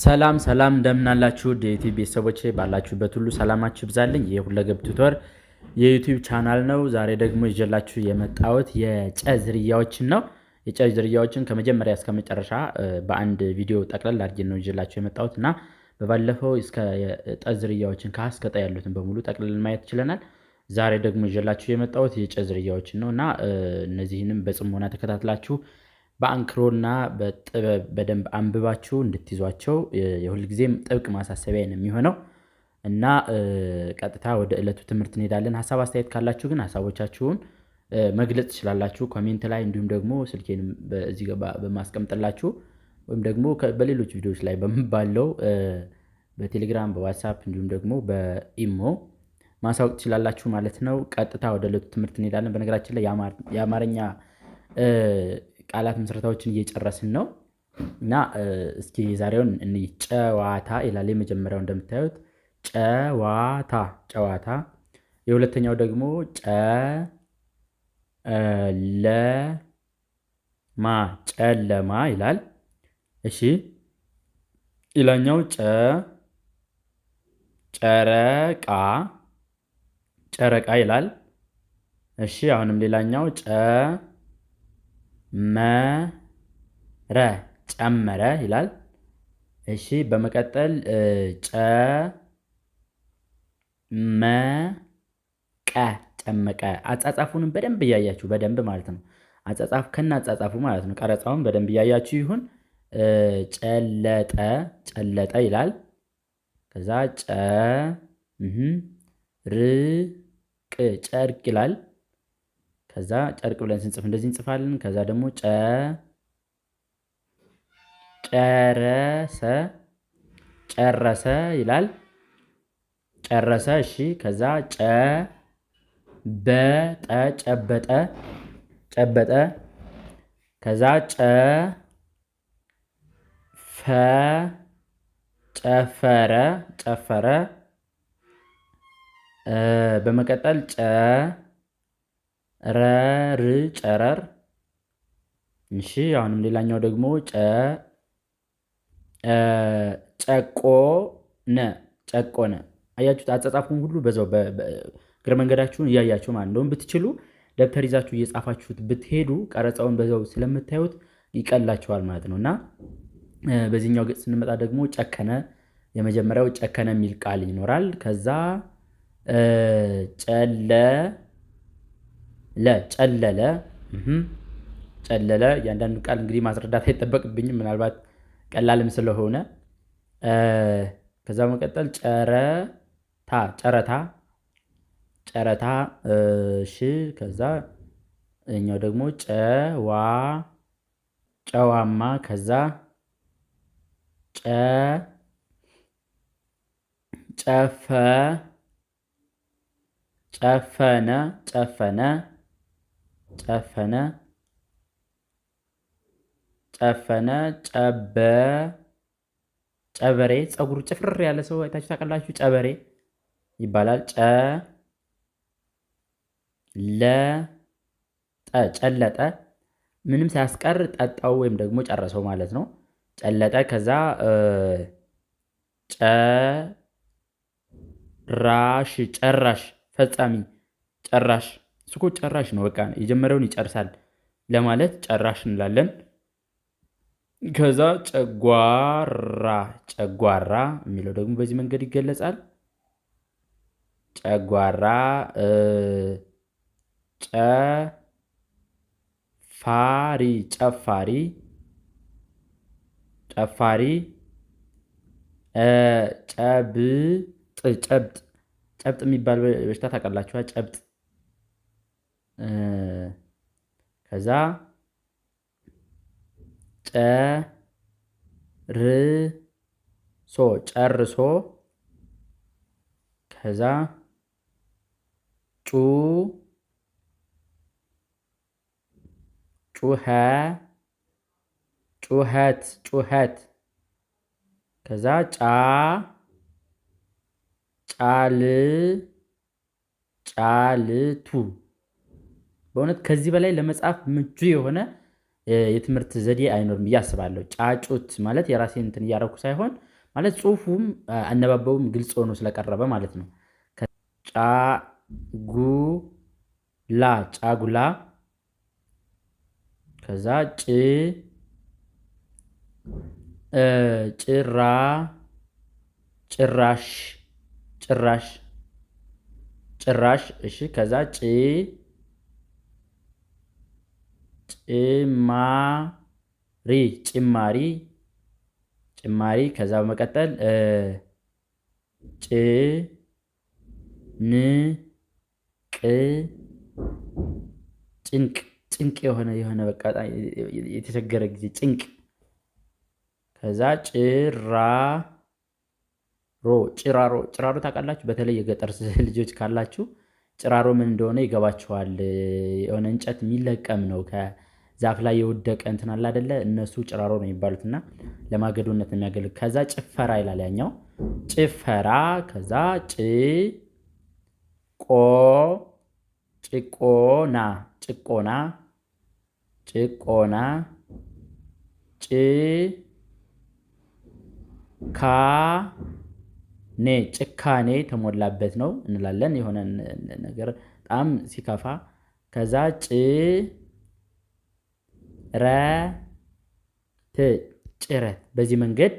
ሰላም ሰላም እንደምን አላችሁ የዩቲዩብ ቤተሰቦች፣ ባላችሁበት ሁሉ ሰላማችሁ ይብዛልኝ። ይህ ሁለገብ ቱቶር የዩቲዩብ ቻናል ነው። ዛሬ ደግሞ ይዤላችሁ የመጣሁት የጨ ዝርያዎችን ነው። የጨ ዝርያዎችን ከመጀመሪያ እስከ መጨረሻ በአንድ ቪዲዮ ጠቅለል አድርጌ ነው ይዤላችሁ የመጣሁት እና በባለፈው እስከ ጠ ዝርያዎችን ከሀ እስከ ጠ ያሉትን በሙሉ ጠቅልል ማየት ችለናል። ዛሬ ደግሞ ይዤላችሁ የመጣሁት የጨ ዝርያዎችን ነው እና እነዚህንም በጽሞና ተከታትላችሁ በአንክሮና በጥበብ በደንብ አንብባችሁ እንድትይዟቸው የሁልጊዜም ጥብቅ ማሳሰቢያ ነው የሚሆነው። እና ቀጥታ ወደ ዕለቱ ትምህርት እንሄዳለን። ሀሳብ አስተያየት ካላችሁ ግን ሀሳቦቻችሁን መግለጽ ትችላላችሁ ኮሜንት ላይ፣ እንዲሁም ደግሞ ስልኬን በዚህ በማስቀምጥላችሁ ወይም ደግሞ በሌሎች ቪዲዮዎች ላይ በምባለው በቴሌግራም በዋትሳፕ እንዲሁም ደግሞ በኢሞ ማሳወቅ ትችላላችሁ ማለት ነው። ቀጥታ ወደ ዕለቱ ትምህርት እንሄዳለን። በነገራችን ላይ የአማርኛ ቃላት ምስረታዎችን እየጨረስን ነው እና እስኪ ዛሬውን እ ጨዋታ ይላል የመጀመሪያው እንደምታዩት ጨዋታ ጨዋታ። የሁለተኛው ደግሞ ጨለማ ጨለማ ይላል። እሺ ሌላኛው ጨ ጨረቃ ጨረቃ ይላል። እሺ አሁንም ሌላኛው ጨ መረ ጨመረ ይላል። እሺ በመቀጠል ጨመቀ ጨመቀ። አጻጻፉንም በደንብ እያያችሁ በደንብ ማለት ነው። አጻጻፍ ከና አጻጻፉ ማለት ነው። ቀረጻውን በደንብ እያያችሁ ይሁን። ጨለጠ ጨለጠ ይላል። ከዛ ጨ ርቅ ጨርቅ ይላል። ከዛ ጨርቅ ብለን ስንጽፍ እንደዚህ እንጽፋለን። ከዛ ደግሞ ጨ ጨረሰ ጨረሰ ይላል። ጨረሰ። እሺ። ከዛ ጨ በጠ ጨበጠ ጨበጠ። ከዛ ጨ ፈ ጨፈረ ጨፈረ። በመቀጠል ጨ ረር ጨረር። እሺ አሁንም ሌላኛው ደግሞ ጨቆነ ጨቆነ። አያችሁት? አጻጻፉን ሁሉ በዛው እግረ መንገዳችሁን እያያችሁ ማለት እንደውም ብትችሉ ደብተር ይዛችሁ እየጻፋችሁት ብትሄዱ ቀረጻውን በዛው ስለምታዩት ይቀላችኋል ማለት ነው እና በዚህኛው ገጽ ስንመጣ ደግሞ ጨከነ፣ የመጀመሪያው ጨከነ የሚል ቃል ይኖራል። ከዛ ጨለ ለጨለለ ጨለለ እያንዳንዱ ቃል እንግዲህ ማስረዳት አይጠበቅብኝም፣ ምናልባት ቀላልም ስለሆነ ከዛ በመቀጠል ጨረታ ጨረታ ጨረታ እሺ። ከዛ እኛው ደግሞ ጨዋ ጨዋማ ከዛ ጨ ጨፈ ጨፈነ ጨፈነ ጨፈነ ጨፈነ ጨበ ጨበሬ ፀጉሩ ጭፍር ያለ ሰው አይታችሁ ታውቃላችሁ። ጨበሬ ይባላል። ጨ ለ ጠ ጨለጠ ምንም ሳያስቀር ጠጣው ወይም ደግሞ ጨረሰው ማለት ነው። ጨለጠ ከዛ ጨራሽ ጨራሽ ፈጻሚ ጨራሽ እሱኮ ጨራሽ ነው፣ በቃ የጀመረውን ይጨርሳል ለማለት ጨራሽ እንላለን። ከዛ ጨጓራ ጨጓራ የሚለው ደግሞ በዚህ መንገድ ይገለጻል። ጨጓራ ጨፋሪ ጨፋሪ ጨፋሪ ጨብጥ ጨብጥ ጨብጥ የሚባል በሽታ ታውቃላችኋ? ጨብጥ ከዛ ጨርሶ ጨርሶ ከዛ ጩ ጩኸ ጩኸት ጩኸት ከዛ ጫ ጫል ጫልቱ በእውነት ከዚህ በላይ ለመጻፍ ምቹ የሆነ የትምህርት ዘዴ አይኖርም ብዬ አስባለሁ። ጫጩት ማለት የራሴን እንትን እያረኩ ሳይሆን ማለት ጽሁፉም አነባበቡም ግልጽ ሆኖ ስለቀረበ ማለት ነው። ጫጉላ ጫጉላ ከዛ ጭ ጭራ ጭራሽ ጭራሽ ጭራሽ እሺ ከዛ ጭ ጭማሪ ጭማሪ ጭማሪ ከዛ በመቀጠል ጭ ን ቅ ጭንቅ ጭንቅ የሆነ የሆነ በቃ የተቸገረ ጊዜ ጭንቅ። ከዛ ጭራሮ ጭራሮ ጭራሮ ታውቃላችሁ? በተለይ የገጠር ልጆች ካላችሁ ጭራሮ ምን እንደሆነ ይገባቸዋል። የሆነ እንጨት የሚለቀም ነው ከዛፍ ላይ የወደቀ እንትን አለ አደለ? እነሱ ጭራሮ ነው የሚባሉት እና ለማገዶነት የሚያገለግል ከዛ ጭፈራ ይላል ያኛው ጭፈራ ከዛ ጭ ቆ ጭቆና ጭቆና ጭቆና ጭ ካ ኔ ጭካኔ የተሞላበት ነው እንላለን። የሆነ ነገር በጣም ሲከፋ ከዛ ጭ ረ ት ጭረት። በዚህ መንገድ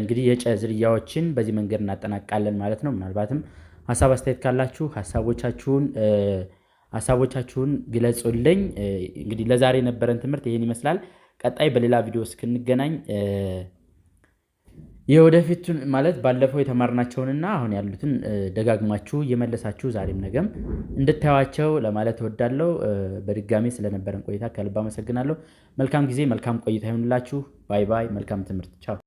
እንግዲህ የጨ ዝርያዎችን በዚህ መንገድ እናጠናቃለን ማለት ነው። ምናልባትም ሀሳብ አስተያየት ካላችሁ ሀሳቦቻችሁን ሀሳቦቻችሁን ግለጹልኝ። እንግዲህ ለዛሬ የነበረን ትምህርት ይህን ይመስላል። ቀጣይ በሌላ ቪዲዮ እስክንገናኝ የወደፊቱን ማለት ባለፈው የተማርናቸውንና አሁን ያሉትን ደጋግማችሁ እየመለሳችሁ ዛሬም ነገም እንድታዩዋቸው ለማለት እወዳለሁ። በድጋሜ ስለነበረን ቆይታ ከልብ አመሰግናለሁ። መልካም ጊዜ፣ መልካም ቆይታ ይሁንላችሁ። ባይ ባይ። መልካም ትምህርት። ቻው